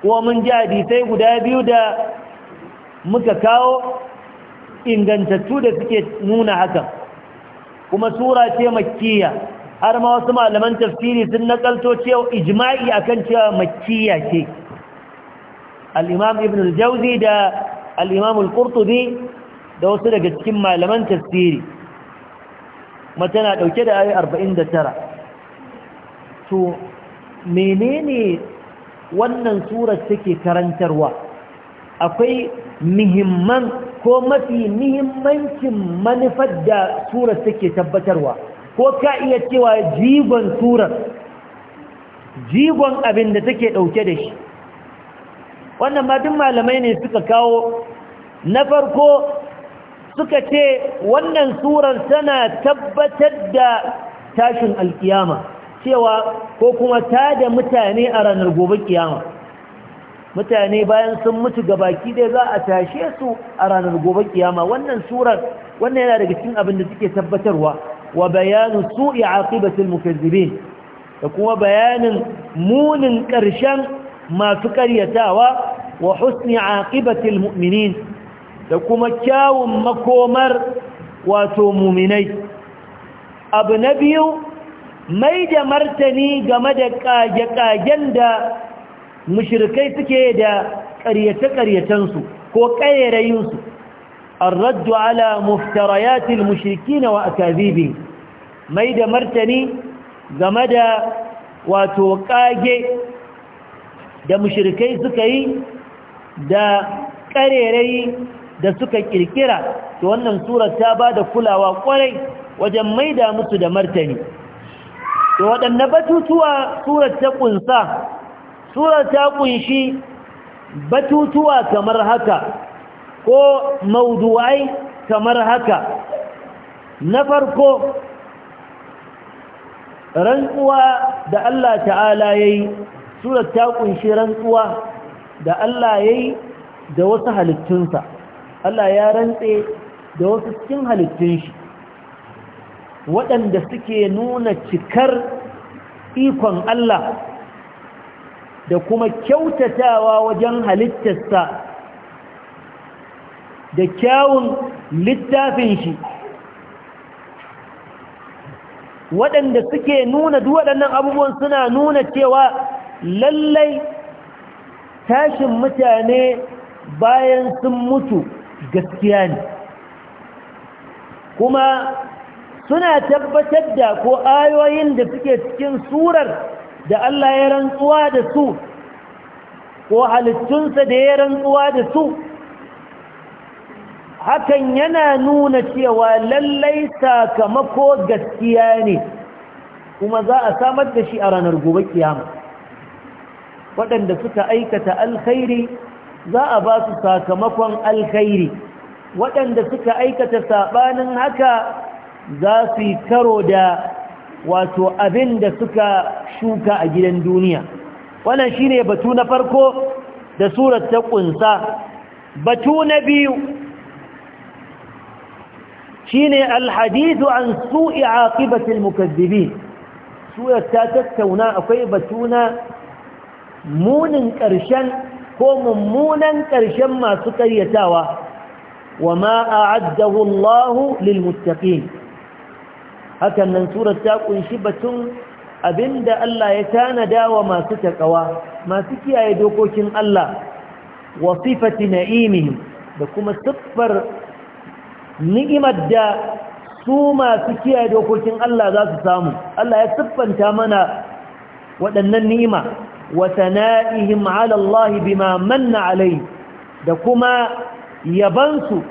kuma mun ji hadisai guda biyu da muka kawo ingantattu da suke nuna haka kuma sura ce makkiya har ma wasu malaman tafsiri sun nakalto cewa ijma'i akan cewa makkiya ce al-imam ibn al-jawzi da al-imam al-qurtubi da wasu daga cikin malaman tafsiri mata na dauke da ayi 49 to menene wannan sura take karantarwa akwai muhimman ko mafi muhimmancin manufar da surar take tabbatarwa ko ka iya cewa jigon turar jigon abin da take ɗauke da shi wannan ma malamai ne suka kawo na farko suka ce wannan surar tana tabbatar da tashin alkiyama cewa ko kuma ta da mutane a ranar gobe kiyama mutane bayan sun mutu gabaki dai za a tashe su a ranar gobe kiyama wannan surar wannan yana daga cikin abin da suke tabbatarwa wa bayanu su'i aqibatil mukazzibin da kuma bayanin munin ƙarshen masu ƙaryatawa wa husni aqibatil mu'minin da kuma kyawun makomar wato muminai abu na biyu mai da martani game da ƙage-ƙagen da mushirikai suke da ƙaryace-ƙaryacensu ko ƙayyarayinsu الرد على مفتريات المشركين وأكاذيبهم ميد مرتني جمد وتوقاج da mushrikai suka yi da karerai da suka kirkira to wannan surar ta ba da kulawa kwarai wajen maida musu da martani to waɗanne batutuwa surar ta kunsa surar ta kunshi batutuwa kamar haka ko mauduwai kamar haka na farko rantsuwa da Allah ta'ala ya yi surat ta kunshi rantsuwa da Allah ya yi da wasu halittunsa Allah ya rantse da wasu cikin halittun shi waɗanda suke nuna cikar ikon Allah da kuma kyautatawa wajen halittarsa da kyawun littafin shi waɗanda suke nuna waɗannan abubuwan suna nuna cewa lallai tashin mutane bayan sun mutu gaskiya ne kuma suna tabbatar da ko ayoyin da suke cikin surar da Allah ya rantsuwa da su ko halittunsa da ya rantsuwa da su hakan yana nuna cewa lallai sakamako gaskiya ne kuma za a samar da shi a ranar gobe kiyama waɗanda suka aikata alkhairi za a ba su sakamakon alkhairi waɗanda suka aikata saɓanin haka za su yi karo da wato abin da suka shuka a gidan duniya wannan shine batu na farko da surar ta ƙunsa batu na biyu shine alhadithu an su'i aqibati almukaththibin suya ta tattauna akwai batuna munin ƙarshen ko mummunan ƙarshen masu karyatawa, wa ma a'addahu Allah lilmuttaqin hakan nan surar ta kunshi batun abinda Allah ya tanada wa masu takawa masu kiyaye dokokin Allah wa sifati na'imihim da kuma siffar ni'imar da su masu kiyaye dokokin Allah za su samu Allah ya siffanta mana waɗannan ni'ima wa sana'ihim 'ala Allah bima manna 'alayhi da kuma yabansu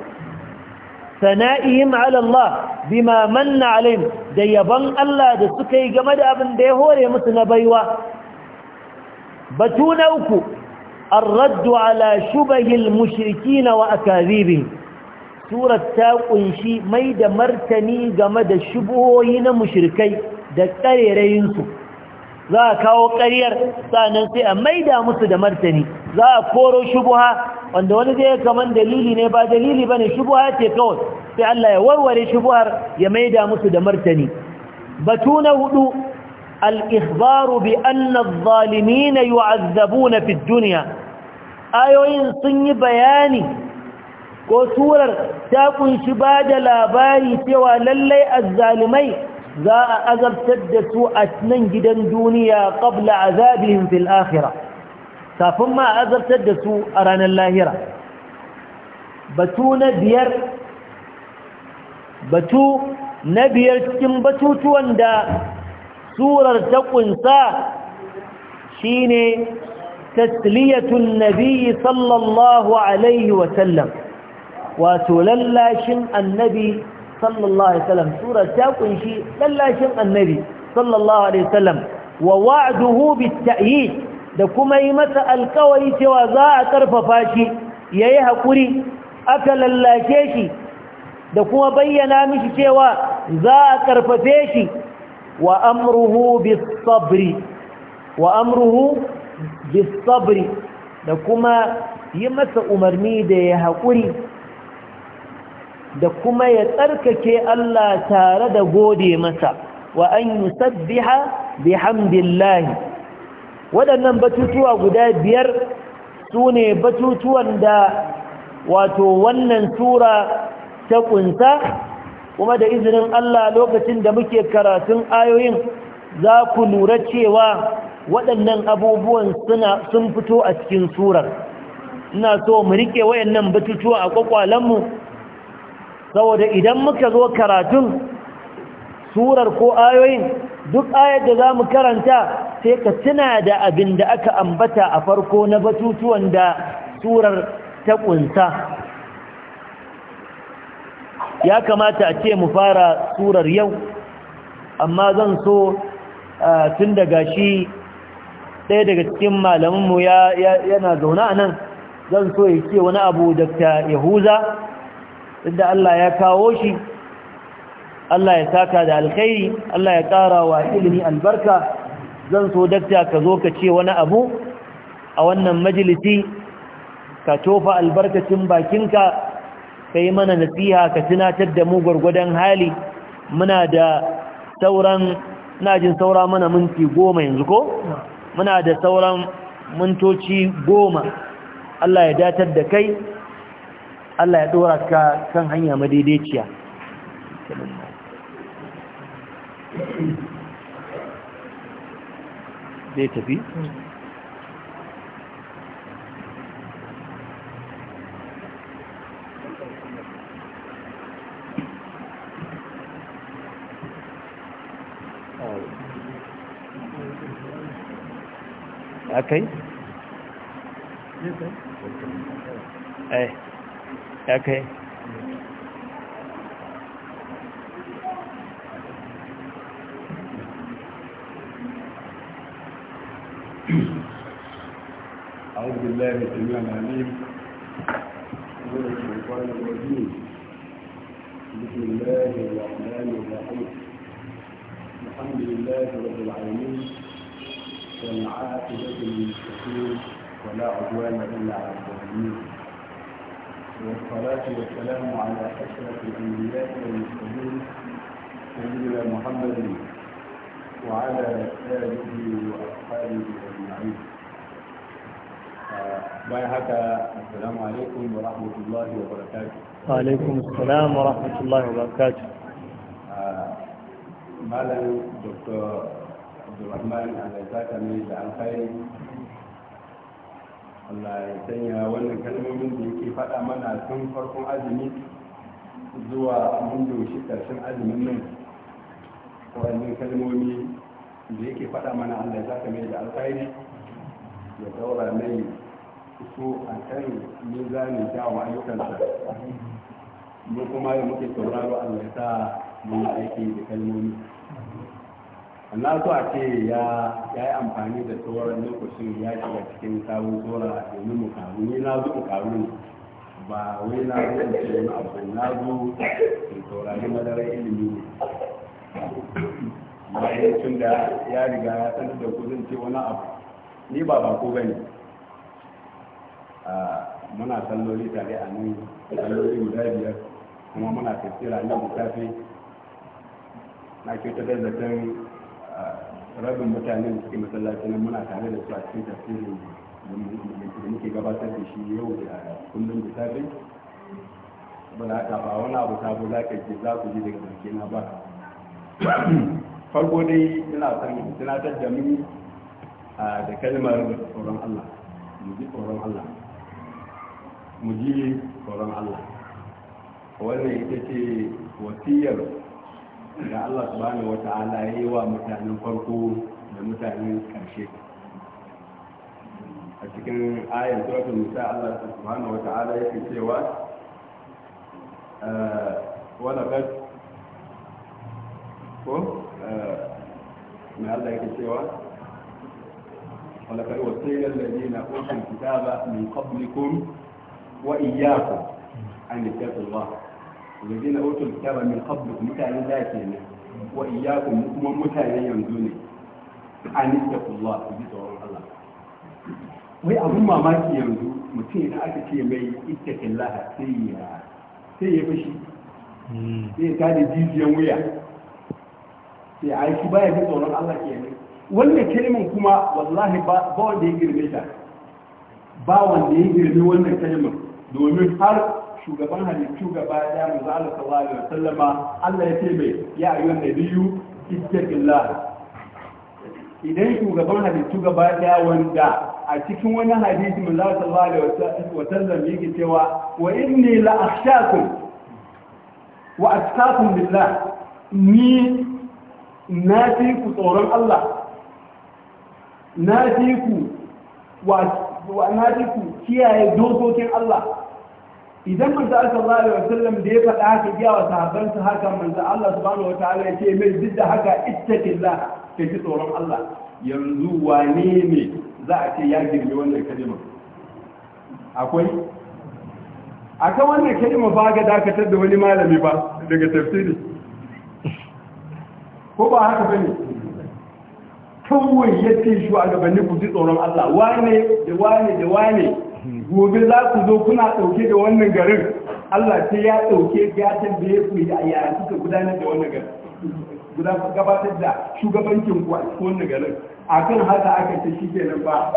sana'ihim 'ala Allah bima manna 'alayhim da yaban Allah da suka yi game da abin da ya hore musu na baiwa batu na uku الرد على شبه المشركين وأكاذيبهم surar ta kunshi mai da martani game da shubuhoyi na mushrikai da karerayinsu za a kawo karyar sanan sai a maida musu da martani za a koro shubuha wanda wani zai kaman dalili ne ba dalili bane shubuha ce kawai sai Allah ya warware shubuhar ya maida musu da martani batu na hudu al-ikhbaru bi anna adh-dhalimin yu'azzabuna na ad ayoyin sun yi bayani ko surar ta kunshi ba da labari cewa lallai azzalumai za a azabtar da su a nan gidan duniya qabla azabihim fil akhirah kafin ma azabtar da su a ranar lahira batu na biyar batu na biyar cikin batutuwan da surar ta kunsa shine tasliyatun nabi sallallahu alaihi wasallam wato lallashin annabi sallallahu alaihi wasallam sura ta kunshi lallashin annabi sallallahu alaihi wasallam wa wa'duhu bit da kuma yi masa alkawari cewa za a karfafa shi yayi haƙuri aka lallashe shi da kuma bayyana mishi cewa za a karfafe shi wa amruhu bisabri wa amruhu da kuma yi masa umarni da ya haƙuri. da kuma ya tsarkake Allah tare da gode masa wa an yusabbiha bihamdillahi waɗannan batutuwa guda biyar su ne batutuwan da wato wannan sura ta kunsa kuma da izinin Allah lokacin da muke karatun ayoyin za ku lura cewa waɗannan abubuwan sun fito a cikin surar ina so mu rike wayannan batutuwa a kwakwalenmu saboda idan muka zo karatun surar ko ayoyin duk ayar da za mu karanta sai ka tuna da abin da aka ambata a farko na batutuwan da surar ta ƙunsa ya kamata a ce mu fara surar yau amma zan so tun daga shi ɗaya daga cikin malaminmu yana zaune a nan zan so ya ce wani abu Dr. yahuza duk da Allah ya kawo shi Allah ya saka da alkhairi Allah ya ƙara wa ilimi albarka zan so dakta ka zo ka ce wani abu a wannan majalisi ka tofa albarkacin bakinka ka yi mana nasiha ka tunatar da mu gwargwadon hali muna da sauran jin saura mana minti goma yanzu ko muna da sauran mintoci goma Allah ya datar da kai Allah ya dora ka kan hanya madaidaiciya zai tafi akai? Okay. Eh. okay أعوذ بالله السميع العليم من الشيطان الرجيم بسم الله الرحمن الرحيم الحمد لله رب العالمين والعاقبة للمتقين ولا عدوان إلا على الظالمين والصلاة والسلام على أشرف الأنبياء والمرسلين سيدنا محمد وعلى آله وأصحابه أجمعين. آه، باي هكا السلام عليكم ورحمة الله وبركاته. وعليكم السلام ورحمة الله وبركاته. آه، مالا دكتور عبد الرحمن على ذاك من الخير Allah ya sanya wannan kalmomin da yake faɗa mana tun farkon azumi zuwa mun doshi ƙarshen azumin nan wannan kalmomi da yake faɗa mana Allah ya zaka mai da alkhairi ya daura mai su a kan mizanin kyawun ayyukansa mu kuma da muke tauraro Allah ya sa mun aiki da kalmomi na so a ce ya yi amfani da tsohon lokacin ya shiga cikin sabon tsora domin mu karu ni na zo mu karu ne ba wai na zo mu ce wani abu na zo in saurari madarar ilimi ne bayan tun da ya riga ya san da kudin ce wani abu ni ba ba ko gani muna salloli tare a nan salloli guda biyar kuma muna tattira nan da na kyautar da zaton rabin mutane da suke masallaci nan muna tare da su a cikin tafsirin da muke gabatar da shi yau da kullum da safe ba za ka ba wani abu sabo za ka ce za ku ji daga barke na ba farko dai ina son tunatar da mu da kalmar tsoron Allah mu ji tsoron Allah mu ji tsoron Allah wannan ita ce wasiyar da Allah subhanahu wa ta'ala ya yi wa mutanen farko da mutanen karshe a cikin ayar suratul nisa Allah subhanahu wa ta'ala yake cewa wala bas ko me Allah yake cewa wala kad wasila alladhina utul kitaba min qablikum wa iyyakum an yattaqullaha الذين أوتوا ke من قبلكم متعين kuma mutane yanzu ne متعين يمزوني أن su الله بصور Allah? wai abun mamaki yanzu mutum idan aka ce mai ittakin laha sai ya fashi sai ya tada jijiyan wuya sai a yi shi baya ji tsoron Allah ke ne wannan kalimin kuma wallahi ba wanda ya girme ta ba wanda ya girme wannan kalimin domin har shugaban halittu gaba da manzo Allah sallallahu alaihi wasallam Allah ya ce mai ya ayyuhan nabiyyu ittaqillah idan shugaban halittu gaba ya wanda a cikin wani hadisi manzo Allah sallallahu alaihi wasallam yake cewa wa inni la akhshakum wa atqakum billah ni na fi ku tsoron Allah na fi ku wa na fi ku kiyaye dokokin Allah idan manzo Allah sallallahu alaihi wasallam da ya faɗa haka giya wa sahabbansa haka manzo Allah subhanahu wataala ya ce mai duk da haka ittaqilla ka ji tsoron Allah yanzu wane ne za a ce ya girbe wannan kalimar akwai akan wannan kalimar ba ga dakatar da wani malami ba daga tafsiri ko ba haka bane kawai yace shi a gabanin ku ji tsoron Allah wane da wane da wane gobe za ku zo kuna ɗauke da wannan garin Allah sai ya ɗauke gatan da ya kuri a yaya suka gudanar da wannan garin gabatar da shugabancin ku a cikin wannan garin a kan haka aka ce shi kenan ba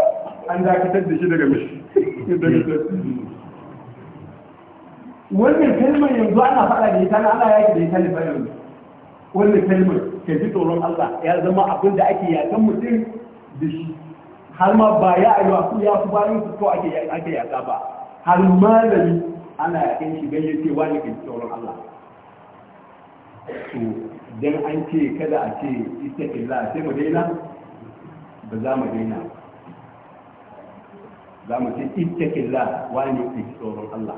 an dakatar da shi daga mashi hmm. wannan kalmar yanzu ana faɗa da ita na Allah ya da ita ne ba yanzu wannan kalmar ke ji tsoron Allah ya zama abin da ake yakan mutum da shi har ma ba ya yi wa ya fi bayan ku ko ake ake yaka ba har yi ana yakin shi ganin ce ne ke tsoron Allah to don an ce kada a ce ita istiqlal sai mu daina ba za mu daina za mu ce ita wa ne ke tsoron Allah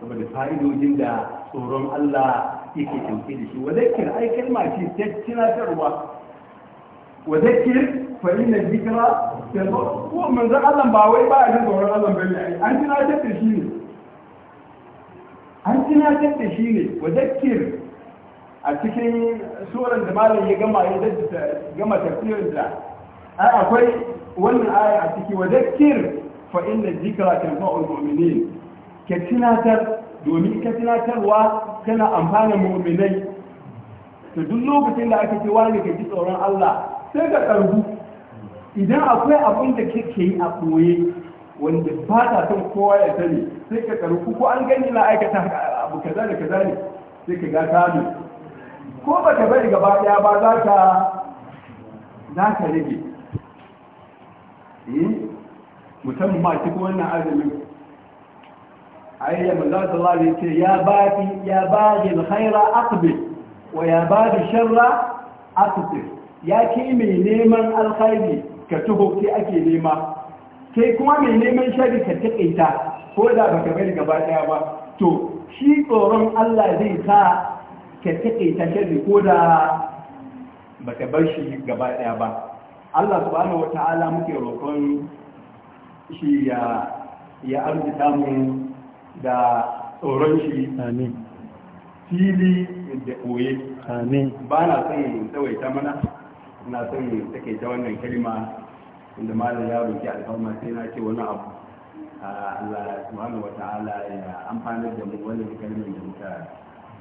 saboda fa'idojin da tsoron Allah yake ɗauke da shi wa zakir aikin kalma ce ta tunatarwa wa zakir fa inna dhikra tanfa ko manzo Allah ba wai ba yin tsoron Allah bane ai an tuna da shi ne an a cikin suran da malam ya gama ya gama tafsirin akwai wannan aya a ciki wa zakir fa inna ka tunatar domin ka tunatarwa tana amfana mu'minai to duk lokacin da aka ce wani ka tsoron Allah sai ka ƙarfi idan akwai abin da kake yi a ɓoye wanda ba ta son kowa ya sani sai ka ƙarfi ko an gani na aikata abu kaza da kaza ne sai ka ga kame ko ba ka bari gaba ɗaya ba za ka za ka rage eh, mutum ma wannan azumin ayyar za ta alaihi ce ya ba ya ba da khaira aqbil wa ya ba sharra aqbil ya ke mai neman alkhairi ka tuho ke ake nema sai kuma mai neman shari ka taƙaita ko da ba ka bari gaba ɗaya ba to shi tsoron Allah zai sa ka taƙaita shari ko da ba ka bar shi gaba ɗaya ba Allah subhanahu Ta'ala muke roƙon shi ya ya arzita mu da tsoron shi amin fili da koye amin ba na son tsawaita mana ina son ne take ta wannan kalma inda malam ya roki alfarma sai na ce wani abu Allah subhanahu wata'ala ya amfanar da mu wannan kalmar da muka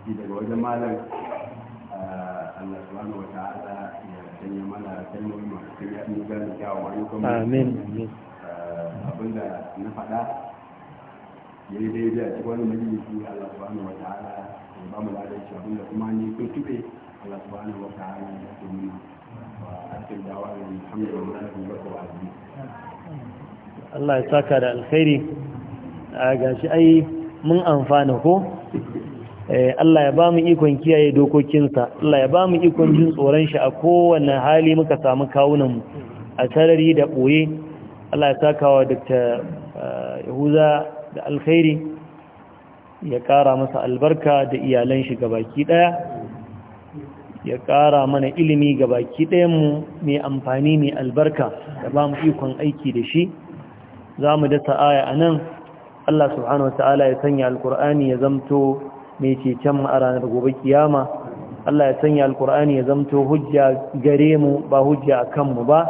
ji daga wajen malam Allah subhanahu wata'ala ya sanya mana kalmomi masu kan yaɗin gane kyawawan ayyukan amin abin da na faɗa ya yi daidai a cikin wani majalisi Allah subhanahu wata'ala ya ba mu ladan shi abin da kuma ni kun tuɓe Allah subhanahu wata'ala ya ce mana Allah ya saka da alkhairi a gashi ai mun amfana ko eh, Allah ya ba mu ikon kiyaye dokokinsa Allah ya ba mu ikon jin tsoron shi a kowane hali muka samu kawunan mu a tarari da ɓoye Allah ya saka wa Dr. Eh, Yahuza da alkhairi ya ƙara masa albarka da iyalan shi gabaki ɗaya ya ƙara mana ilimi ga baki ɗayanmu mai amfani mai albarka da ba mu ikon aiki da shi za mu dasa aya a nan Allah subhanahu wa ta'ala ya sanya alkur'ani ya zamto mai ceton mu a ranar gobe kiyama Allah ya sanya alkur'ani ya zamto hujja gare mu ba hujja a kanmu ba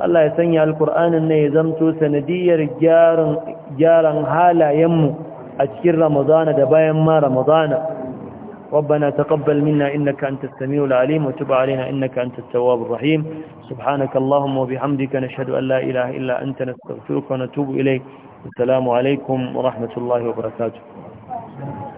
Allah ya sanya alkur'anin na ya zamto sanadiyar gyaran halayenmu a cikin ramadana da bayan ma ramadana ربنا تقبل منا إنك أنت السميع العليم وتب علينا إنك أنت التواب الرحيم سبحانك اللهم وبحمدك نشهد أن لا إله إلا أنت نستغفرك ونتوب إليك السلام عليكم ورحمة الله وبركاته